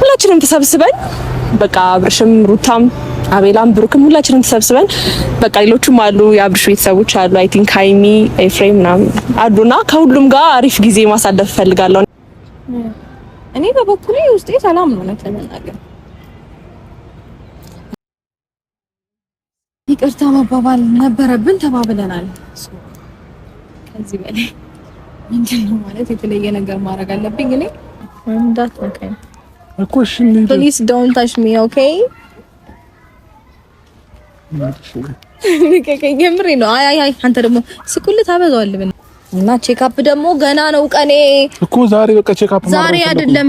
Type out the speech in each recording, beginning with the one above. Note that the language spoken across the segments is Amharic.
ሁላችንም ተሰብስበን በቃ አብርሽም፣ ሩታም፣ አቤላም፣ ብሩክም ሁላችንም ተሰብስበን በቃ ሌሎቹም አሉ የአብርሽ ቤተሰቦች አሉ። አይ ቲንክ ሀይሚ ኤፍሬም ምናምን አሉና ከሁሉም ጋር አሪፍ ጊዜ ማሳለፍ እፈልጋለሁ። እኔ በበኩሌ ውስጤ ሰላም ነው ነው ይቅርታ መባባል ነበረብን ተባብለናል። ከዚህ በላይ ምንድን ነው ማለት የተለየ ነገር ማድረግ አለብኝ እኔ ፕሊዝ ዶንት የምሬ ነው። አይ አይ አንተ ደግሞ እና ቼክአፕ ደግሞ ገና ነው ቀኔ እኮ ዛሬ። በቃ ቼክአፕ ዛሬ አይደለም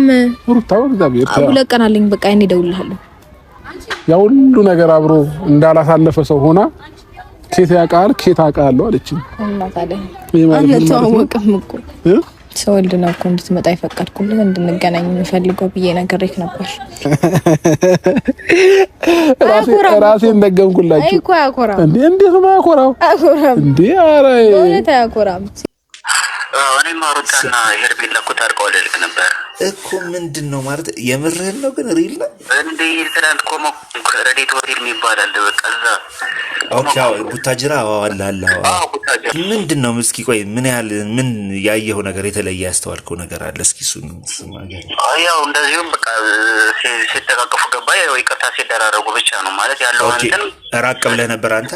በቃ እኔ እደውልልሃለሁ። ያ ሁሉ ነገር አብሮ እንዳላሳለፈ ሰው ሆና ያውቃል ኬት አውቃለሁ አለችኝ። ሰው ወልድ ነው እኮ እንድትመጣ የፈቀድኩልህ እንድንገናኝ የምፈልገው ብዬ ነገሬክ ነበር። ራሴን ደገምኩላችሁ። እንዴት ነው አያኮራም እንዴ? ኧረ አያኮራም። እኔ ማሩታና ሄርሜላ እኮ ታርቀው ልልክ ነበር እኮ። ምንድን ነው ማለት የምርህን ነው? ግን ሪል ነው እንዴ? ትናንት ቆመ ረዴት ሆቴል አለ በቃ እዛ ቡታጅራ አዋላላ ምንድን ነው? እስኪ ቆይ ምን ያህል ምን ያየው ነገር የተለየ ያስተዋልከው ነገር አለ? እስኪ እሱ ያው እንደዚሁም በቃ ሲደቃቀፉ ገባ፣ ይቅርታ ሲደራረጉ ብቻ ነው ማለት ያለው። ራቅ ብለህ ነበር አንተ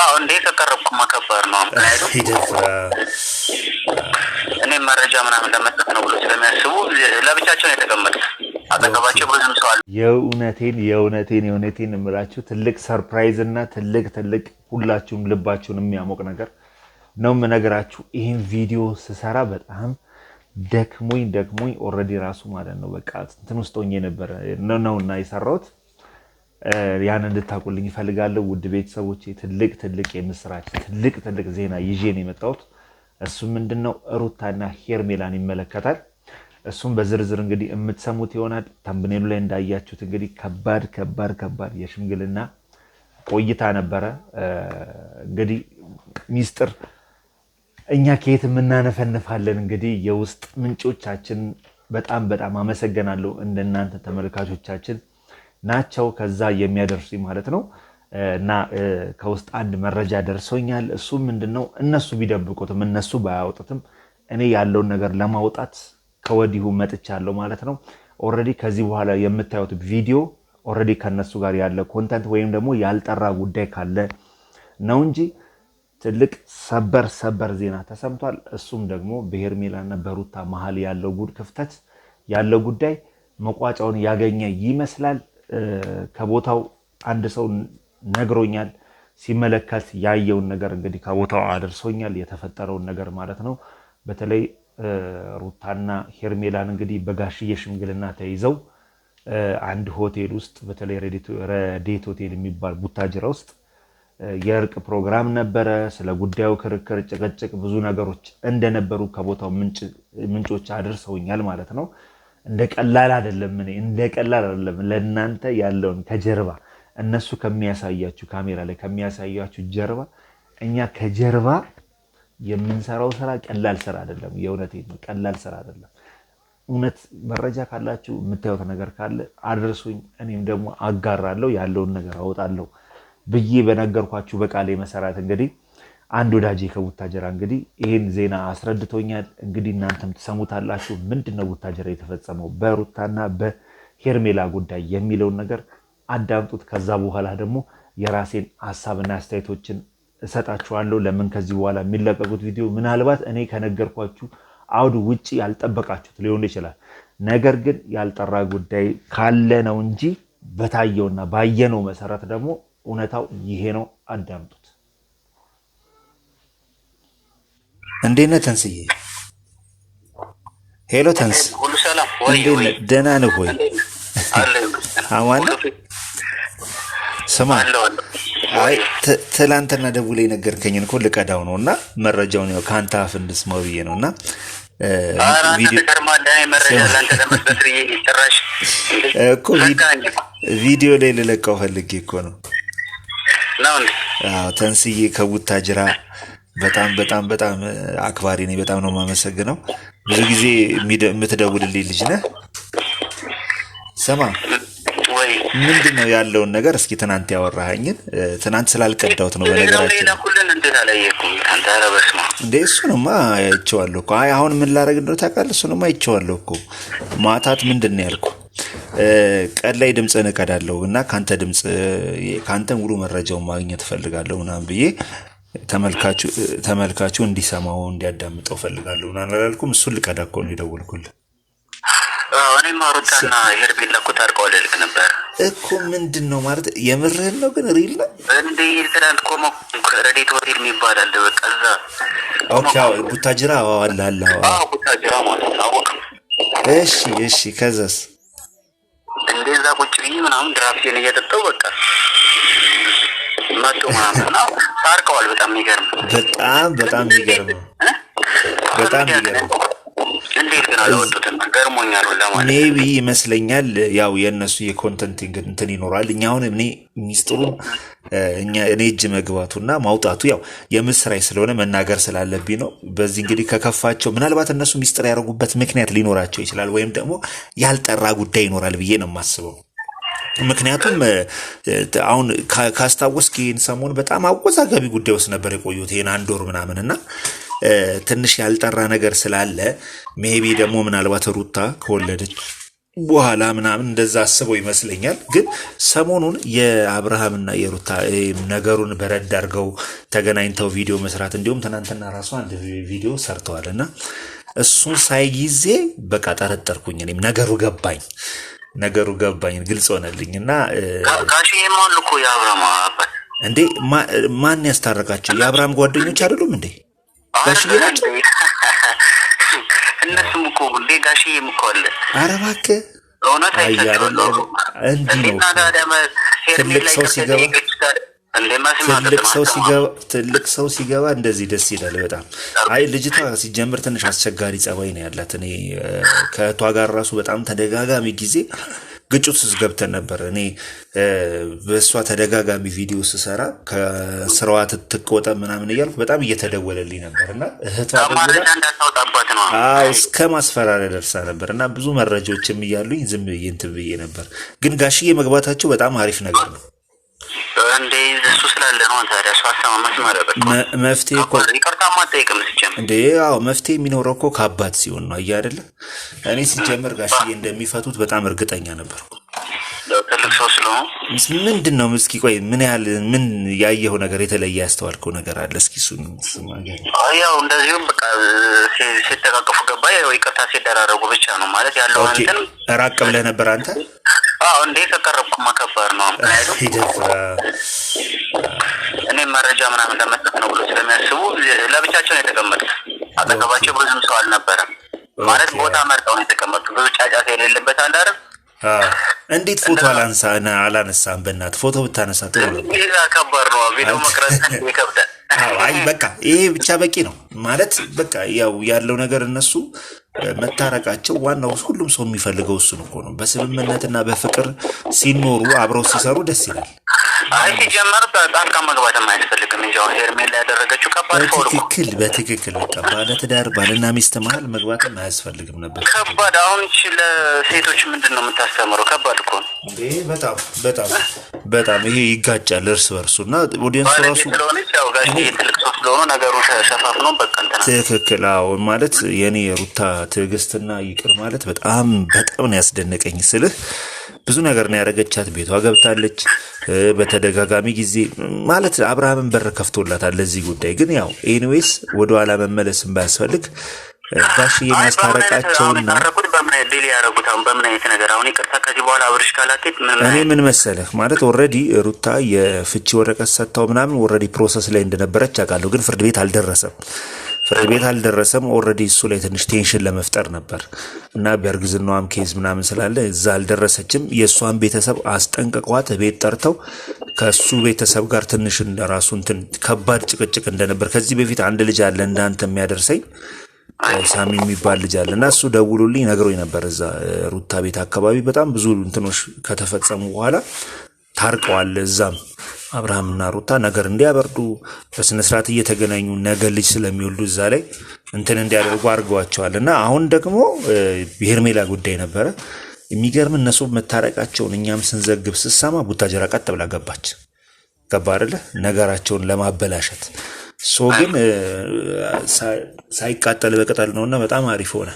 አዎ እንደ የተጠረብኩ መከበር ነው። እኔም መረጃ ምናምን ለመስጠት ነው ብሎ ስለሚያስቡ ለብቻቸው ነው የተቀመጡት። የእውነቴን የእውነቴን የእውነቴን የምላችሁ ትልቅ ሰርፕራይዝ እና ትልቅ ትልቅ ሁላችሁም ልባችሁን የሚያሞቅ ነገር ነው የምነግራችሁ። ይህን ቪዲዮ ስሰራ በጣም ደክሞኝ ደክሞኝ ኦልሬዲ ራሱ ማለት ነው በቃ እንትን ውስጥ ሆኜ ነበረ ነውና የሰራሁት ያን እንድታቁልኝ ይፈልጋለሁ። ውድ ቤተሰቦች ትልቅ ትልቅ የምስራች ትልቅ ትልቅ ዜና ይዤ ነው የመጣሁት። እሱም ምንድነው ሩታና ሄርሜላን ይመለከታል። እሱም በዝርዝር እንግዲህ የምትሰሙት ይሆናል። ተምብኔሉ ላይ እንዳያችሁት እንግዲህ ከባድ ከባድ ከባድ የሽምግልና ቆይታ ነበረ። እንግዲህ ሚስጥር እኛ ከየት የምናነፈንፋለን። እንግዲህ የውስጥ ምንጮቻችን በጣም በጣም አመሰግናለሁ እንደናንተ ተመልካቾቻችን ናቸው ከዛ የሚያደርሱ ማለት ነው። እና ከውስጥ አንድ መረጃ ደርሶኛል። እሱ ምንድነው እነሱ ቢደብቁትም እነሱ ባያወጡትም እኔ ያለውን ነገር ለማውጣት ከወዲሁ መጥቻለሁ ማለት ነው። ኦልሬዲ ከዚህ በኋላ የምታዩት ቪዲዮ ኦልሬዲ ከነሱ ጋር ያለ ኮንተንት ወይም ደግሞ ያልጠራ ጉዳይ ካለ ነው እንጂ ትልቅ ሰበር ሰበር ዜና ተሰምቷል። እሱም ደግሞ በሄርሜላና በሩታ መሀል ያለው ጉድ ክፍተት ያለው ጉዳይ መቋጫውን ያገኘ ይመስላል። ከቦታው አንድ ሰው ነግሮኛል። ሲመለከት ያየውን ነገር እንግዲህ ከቦታው አደርሶኛል፣ የተፈጠረውን ነገር ማለት ነው። በተለይ ሩታና ሄርሜላን እንግዲህ በጋሽዬ ሽምግልና ተይዘው አንድ ሆቴል ውስጥ በተለይ ረዴት ሆቴል የሚባል ቡታጅራ ውስጥ የእርቅ ፕሮግራም ነበረ። ስለ ጉዳዩ ክርክር፣ ጭቅጭቅ ብዙ ነገሮች እንደነበሩ ከቦታው ምንጮች አድርሰውኛል ማለት ነው። እንደ ቀላል አይደለም። እኔ እንደ ቀላል አይደለም ለእናንተ ያለውን ከጀርባ እነሱ ከሚያሳያችሁ ካሜራ ላይ ከሚያሳያችሁ ጀርባ እኛ ከጀርባ የምንሰራው ስራ ቀላል ስራ አይደለም። የእውነት ቀላል ስራ አይደለም። እውነት መረጃ ካላችሁ የምታዩት ነገር ካለ አድርሱኝ። እኔም ደግሞ አጋራለሁ፣ ያለውን ነገር አወጣለሁ ብዬ በነገርኳችሁ በቃሌ መሰረት እንግዲህ አንድ ወዳጄ ከቡታጀራ እንግዲህ ይህን ዜና አስረድቶኛል። እንግዲህ እናንተም ትሰሙታላችሁ። ምንድን ነው ቡታጀራ የተፈጸመው በሩታና በሄርሜላ ጉዳይ የሚለውን ነገር አዳምጡት። ከዛ በኋላ ደግሞ የራሴን ሀሳብና አስተያየቶችን እሰጣችኋለሁ። ለምን ከዚህ በኋላ የሚለቀቁት ቪዲዮ ምናልባት እኔ ከነገርኳችሁ አውድ ውጭ ያልጠበቃችሁት ሊሆን ይችላል። ነገር ግን ያልጠራ ጉዳይ ካለ ነው እንጂ በታየውና ባየነው መሰረት ደግሞ እውነታው ይሄ ነው። አዳምጡ። እንዴት ነህ ተንስዬ? ሄሎ ተንስ፣ ደህና ነህ ወይ? አማን ስማ፣ አይ ትላንትና ደውላ የነገርከኝን እኮ ልቀዳው ነው እና መረጃውን ያው ከአንተ አፍ እንድስማው ብዬ ነው እና ቪዲዮ ላይ ልለቀው ፈልጌ እኮ ነው። ተንስዬ ከቡታጅራ በጣም በጣም በጣም አክባሪ ነኝ። በጣም ነው የማመሰግነው። ብዙ ጊዜ የምትደውልልኝ ልጅ ነህ። ስማ ምንድን ነው ያለውን ነገር እስኪ ትናንት ያወራኸኝን ትናንት ስላልቀዳሁት ነው በነገራችን እንደ እሱንማ አይቼዋለሁ እኮ። አይ አሁን ምን ላደርግ እንደው ታውቃለህ? እሱንማ አይቼዋለሁ እኮ። ማታት ምንድን ነው ያልኩ? ቀን ላይ ድምፅህን እቀዳለሁ እና ከአንተ ድምፅ ከአንተ ሙሉ መረጃውን ማግኘት እፈልጋለሁ ምናምን ብዬ ተመልካቹ እንዲሰማው እንዲያዳምጠው ፈልጋለሁ። ምናምን አላልኩም። እሱን ልቀዳ እኮ ነው የደወልኩልህ። እኔም አሩታና ሄርሜላ እኮ ታርቀዋል ልክ ነበር እኮ። ምንድን ነው ማለት የምርህን ነው? ግን ሪል ነው እንዴ? ትናንት ቆሞ ረዴት ሆቴል ይባላል። በቃ እዛ ቡታጅራ አዋላለ ቡታጅራ ማለት ነው። እሺ፣ እሺ። ከዛስ እንደዛ ቁጭ ብዬ ምናምን ድራፍቴን እየጠጠው በቃ መቶ ምናምን ነው ታርቀዋል። በጣም የሚገርም በጣም በጣም የሚገርም በጣም የሚገርም ሜቢ ይመስለኛል ያው የእነሱ የኮንተንት እንትን ይኖራል። እኛ አሁን እኔ ሚስጥሩን እኔ እጅ መግባቱና ማውጣቱ ያው የምስራይ ስለሆነ መናገር ስላለብኝ ነው። በዚህ እንግዲህ ከከፋቸው ምናልባት እነሱ ሚስጥር ያደረጉበት ምክንያት ሊኖራቸው ይችላል፣ ወይም ደግሞ ያልጠራ ጉዳይ ይኖራል ብዬ ነው የማስበው። ምክንያቱም አሁን ካስታወስክ ይህን ሰሞን በጣም አወዛጋቢ ጉዳይ ውስጥ ነበር የቆዩት ይህን አንድ ወር ምናምን እና ትንሽ ያልጠራ ነገር ስላለ ሜቢ ደግሞ ምናልባት ሩታ ከወለደች በኋላ ምናምን እንደዛ አስበው ይመስለኛል። ግን ሰሞኑን የአብርሃምና የሩታ ነገሩን በረድ አድርገው ተገናኝተው ቪዲዮ መስራት እንዲሁም ትናንትና ራሱ አንድ ቪዲዮ ሰርተዋል እና እሱን ሳይ ጊዜ በቃ ጠረጠርኩኝ፣ እኔም ነገሩ ገባኝ። ነገሩ ገባኝ፣ ግልጽ ሆነልኝ። እና ጋሽ እኮ የአብርሃም አባት እንዴ! ማን ያስታረቃቸው? የአብርሃም ጓደኞች አይደሉም እንዴ? ጋሽዬ ናቸው። እነሱም እኮ ሁሌ ጋሽዬም እኮ አለ። ኧረ እባክህ እውነት እንዲህ ነው ትልቅ ሰው ሲገባ ትልቅ ሰው ሲገባ እንደዚህ ደስ ይላል በጣም። አይ ልጅቷ ሲጀምር ትንሽ አስቸጋሪ ጸባይ ነው ያላት። እኔ ከእህቷ ጋር ራሱ በጣም ተደጋጋሚ ጊዜ ግጭት ውስጥ ገብተን ነበር። እኔ በእሷ ተደጋጋሚ ቪዲዮ ስሰራ ከስራዋ ትትቆጠ ምናምን እያልኩ በጣም እየተደወለልኝ ነበር እና እህቷ እስከ ማስፈራሪያ ደርሳ ነበር እና ብዙ መረጃዎችም እያሉኝ ዝም ብዬ ነበር። ግን ጋሽዬ መግባታቸው በጣም አሪፍ ነገር ነው። መፍትሄ ይቅርታ ማጠየቅም መፍትሄ የሚኖረው እኮ ከአባት ሲሆን ነው። እያ አይደለ እኔ ሲጀምር ጋሽዬ እንደሚፈቱት በጣም እርግጠኛ ነበር። ትልቅ ሰው ስለሆኑ ምንድን ነው እስኪ ቆይ ምን ያህል ምን ያየው ነገር የተለየ ያስተዋልከው ነገር አለ? እስኪ እሱ ያው እንደዚሁም በቃ ሲተቃቀፉ ገባ፣ ይቅርታ ሲደራረጉ ብቻ ነው ማለት ያለው። አንተን ራቅ ብለህ ነበር አንተ አዎ እንዴት ተቀረብኩ መከበር ነው። እኔ እኔም መረጃ ምናምን ለመስጠት ነው ብሎ ስለሚያስቡ ለብቻቸው ነው የተቀመጡት። አጠገባቸው ብዙም ሰው አልነበረም ማለት ቦታ መርጠው ነው የተቀመጡ። ብዙ ጫጫታ የሌለበት አንዳርም እንዴት ፎቶ አላነሳም? በእናት ፎቶ ብታነሳ ጥሩ ነው። ከባድ ነው ቪዲዮ መቅረጽ ይከብዳል። አይ በቃ ይሄ ብቻ በቂ ነው ማለት በቃ ያው ያለው ነገር እነሱ መታረቃቸው ዋናው ሁሉም ሰው የሚፈልገው እሱን እኮ ነው። በስምምነትና በፍቅር ሲኖሩ አብረው ሲሰሩ ደስ ይላል። አይ ሲጀመር ጣልቃ መግባትም አያስፈልግም። ይኸው ሄርሜላ ያደረገችው ከባድ በትክክል በትክክል በቃ ባለ ባልና ሚስት መሀል መግባት አያስፈልግም ነበር። ከባድ አሁን ች ለሴቶች ምንድን ነው የምታስተምረው? ከባድ እኮ በጣም በጣም በጣም ይሄ ይጋጫል እርስ በርሱ እና ኦዲየንስ ራሱ ትክክል። አዎ ማለት የኔ የሩታ ትዕግስትና ይቅር ማለት በጣም በጣም ነው ያስደነቀኝ ስልህ ብዙ ነገር ነው ያደረገቻት። ቤቷ ገብታለች በተደጋጋሚ ጊዜ ማለት አብርሃምን በር ከፍቶላታል። ለዚህ ጉዳይ ግን ያው ኤኒዌይስ ወደኋላ መመለስን ባያስፈልግ ጋሽ የማስታረቃቸውና እኔ ምን መሰለህ ማለት ኦልሬዲ ሩታ የፍቺ ወረቀት ሰጥተው ምናምን ኦልሬዲ ፕሮሰስ ላይ እንደነበረች አውቃለሁ፣ ግን ፍርድ ቤት አልደረሰም። ፍርድ ቤት አልደረሰም። ኦልሬዲ እሱ ላይ ትንሽ ቴንሽን ለመፍጠር ነበር እና በእርግዝናዋም ኬዝ ምናምን ስላለ እዛ አልደረሰችም። የእሷን ቤተሰብ አስጠንቅቋት ቤት ጠርተው ከእሱ ቤተሰብ ጋር ትንሽ እንደራሱ እንትን ከባድ ጭቅጭቅ እንደነበር ከዚህ በፊት አንድ ልጅ አለ እንዳንተ የሚያደርሰኝ ሳሚ የሚባል ልጅ አለ እና እሱ ደውሎልኝ ነግሮኝ ነበር። እዛ ሩታ ቤት አካባቢ በጣም ብዙ እንትኖች ከተፈጸሙ በኋላ ታርቀዋል እዛም አብርሃምና ሩታ ነገር እንዲያበርዱ በስነ ስርዓት እየተገናኙ ነገ ልጅ ስለሚወልዱ እዛ ላይ እንትን እንዲያደርጉ አድርገዋቸዋል። እና አሁን ደግሞ የሄርሜላ ጉዳይ ነበረ። የሚገርም እነሱ መታረቃቸውን እኛም ስንዘግብ ስሰማ ቡታጀራ ቀጥ ብላ ገባች። ገባ አይደለ ነገራቸውን ለማበላሸት ሶ ግን ሳይቃጠል በቅጠል ነውና በጣም አሪፍ ሆነ።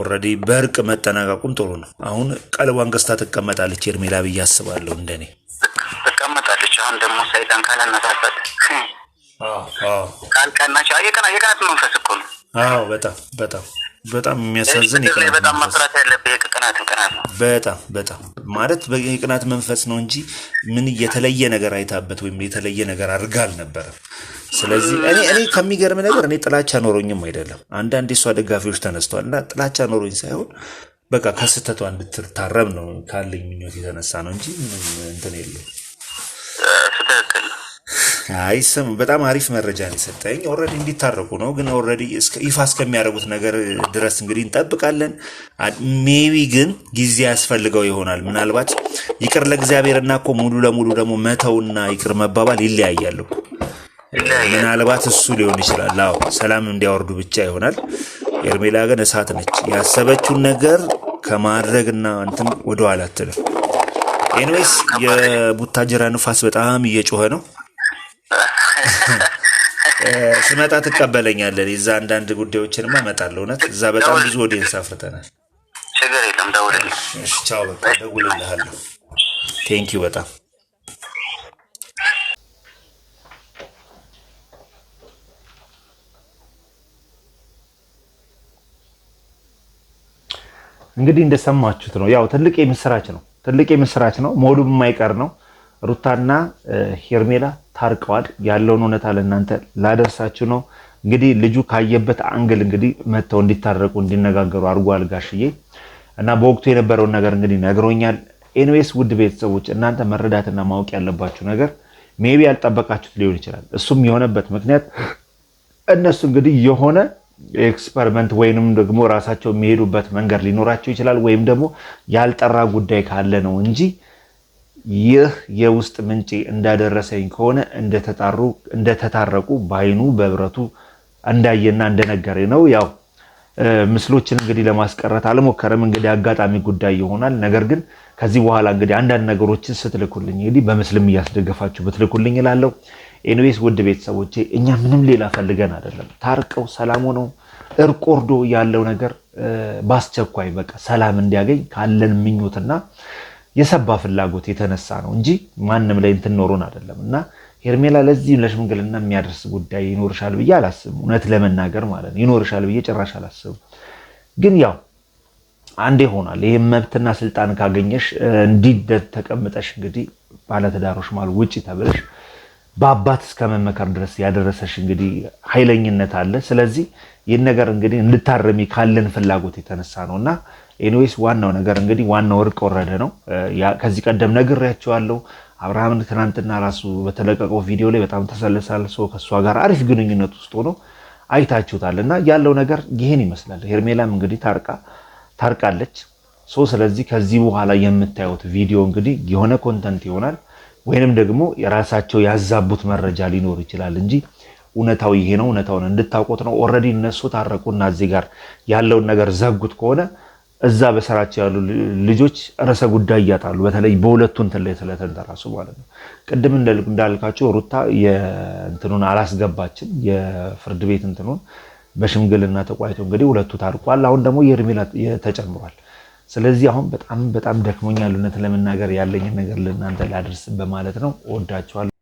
ኦልሬዲ በእርቅ መጠናቀቁም ጥሩ ነው። አሁን ቀልቧን ገዝታ ትቀመጣለች ሄርሜላ ብዬ አስባለሁ እንደኔ አለች። አሁን ደግሞ ሰይጣን ካላነሳበት ካልቀናቸው የቅናት መንፈስ እኮ ነው። አዎ በጣም በጣም በጣም የሚያሳዝን በጣም መስራት ያለብህ ቅናት ቅናት ነው። በጣም በጣም ማለት የቅናት መንፈስ ነው እንጂ ምን የተለየ ነገር አይታበት ወይም የተለየ ነገር አድርጋ አልነበረም። ስለዚህ እኔ እኔ ከሚገርም ነገር እኔ ጥላቻ ኖሮኝም አይደለም። አንዳንድ የእሷ ደጋፊዎች ተነስተዋል እና ጥላቻ ኖሮኝ ሳይሆን በቃ ከስህተቷ እንድትታረም ነው ካለኝ ምኞት የተነሳ ነው እንጂ ምንም እንትን የለም። ትክክል አይ ስም በጣም አሪፍ መረጃ ነው የሰጠኝ። ኦልሬዲ እንዲታረቁ ነው፣ ግን ኦልሬዲ ይፋ እስከሚያደርጉት ነገር ድረስ እንግዲህ እንጠብቃለን። ሜቢ ግን ጊዜ ያስፈልገው ይሆናል። ምናልባት ይቅር እና እኮ ሙሉ ለሙሉ ደግሞ መተውና ይቅር መባባል ይለያያሉ። ምናልባት እሱ ሊሆን ይችላል። አዎ ሰላም እንዲያወርዱ ብቻ ይሆናል። ሄርሜላ ግን እሳት ነች። ያሰበችውን ነገር ከማድረግና እንትን ወደኋላ አትልም። ኤንዌስ የቡታጀራ ንፋስ በጣም እየጮኸ ነው። ስመጣ ትቀበለኛለን። የዛ አንዳንድ ጉዳዮችንማ እመጣለሁ። እውነት እዛ በጣም ብዙ ወዴንስ አፍርተናል። ችግር የለም ደውልልኝ። ቻው፣ በቃ ደውልልሃለሁ። ቴንኪው በጣም እንግዲህ እንደሰማችሁት ነው። ያው ትልቅ የምስራች ነው። ትልቅ የምስራች ነው። መውሊዱ የማይቀር ነው። ሩታና ሄርሜላ ታርቀዋል። ያለውን እውነታ ለእናንተ ላደርሳችሁ ነው። እንግዲህ ልጁ ካየበት አንግል እንግዲህ መጥተው እንዲታረቁ እንዲነጋገሩ አድርጓል ጋሽዬ እና በወቅቱ የነበረውን ነገር እንግዲህ ነግሮኛል። ኤንዌስ ውድ ቤተሰቦች እናንተ መረዳትና ማወቅ ያለባችሁ ነገር ሜቢ ያልጠበቃችሁት ሊሆን ይችላል። እሱም የሆነበት ምክንያት እነሱ እንግዲህ የሆነ ኤክስፐሪመንት ወይንም ደግሞ ራሳቸው የሚሄዱበት መንገድ ሊኖራቸው ይችላል። ወይም ደግሞ ያልጠራ ጉዳይ ካለ ነው እንጂ ይህ የውስጥ ምንጭ እንዳደረሰኝ ከሆነ እንደተታረቁ በአይኑ በብረቱ እንዳየና እንደነገሬ ነው። ያው ምስሎችን እንግዲህ ለማስቀረት አልሞከረም። እንግዲህ አጋጣሚ ጉዳይ ይሆናል። ነገር ግን ከዚህ በኋላ እንግዲህ አንዳንድ ነገሮችን ስትልኩልኝ እንግዲህ በምስልም እያስደገፋችሁ ብትልኩልኝ እላለሁ። ኤንዌስ ውድ ቤተሰቦቼ እኛ ምንም ሌላ ፈልገን አይደለም። ታርቀው ሰላም ሆነው እርቅ ወርዶ ያለው ነገር በአስቸኳይ በቃ ሰላም እንዲያገኝ ካለን ምኞትና የሰባ ፍላጎት የተነሳ ነው እንጂ ማንም ላይ እንትን ኖሮን አይደለም። እና ሄርሜላ ለዚህም ለሽምግልና የሚያደርስ ጉዳይ ይኖርሻል ብዬ አላስብም። እውነት ለመናገር ማለት ይኖርሻል ብዬ ጭራሽ አላስብም። ግን ያው አንዴ ሆኗል። ይህም መብትና ስልጣን ካገኘሽ እንዲደ ተቀምጠሽ እንግዲህ ባለትዳሮች ማል ውጭ ተብለሽ በአባት እስከ መመከር ድረስ ያደረሰሽ እንግዲህ ኃይለኝነት አለ። ስለዚህ ይህን ነገር እንግዲህ እንድታረሚ ካለን ፍላጎት የተነሳ ነው እና ኤኒዌይስ ዋናው ነገር እንግዲህ ዋናው እርቅ ወረደ ነው። ከዚህ ቀደም ነግሬያቸዋለሁ። አብርሃምን ትናንትና ራሱ በተለቀቀው ቪዲዮ ላይ በጣም ሰው ከእሷ ጋር አሪፍ ግንኙነት ውስጥ ሆኖ አይታችሁታል። እና ያለው ነገር ይህን ይመስላል። ሄርሜላም እንግዲህ ታርቃ ታርቃለች። ሶ ስለዚህ ከዚህ በኋላ የምታዩት ቪዲዮ እንግዲህ የሆነ ኮንተንት ይሆናል። ወይንም ደግሞ የራሳቸው ያዛቡት መረጃ ሊኖር ይችላል እንጂ እውነታው ይሄ ነው፣ እውነታውን እንድታውቁት ነው። ኦልሬዲ እነሱ ታረቁና እዚህ ጋር ያለውን ነገር ዘጉት ከሆነ እዛ በስራቸው ያሉ ልጆች ርዕሰ ጉዳይ እያጣሉ፣ በተለይ በሁለቱ እንትን ላይ ስለተንተራሱ ማለት ነው። ቅድም እንዳልካቸው ሩታ የእንትኑን አላስገባችም የፍርድ ቤት እንትኑን በሽምግልና ተቋይቶ እንግዲህ ሁለቱ ታርቋል። አሁን ደግሞ የእድሜ ተጨምሯል። ስለዚህ አሁን በጣም በጣም ደክሞኛል እውነት ለመናገር ያለኝን ነገር ለእናንተ ላድርስ በማለት ነው። እወዳችኋለሁ።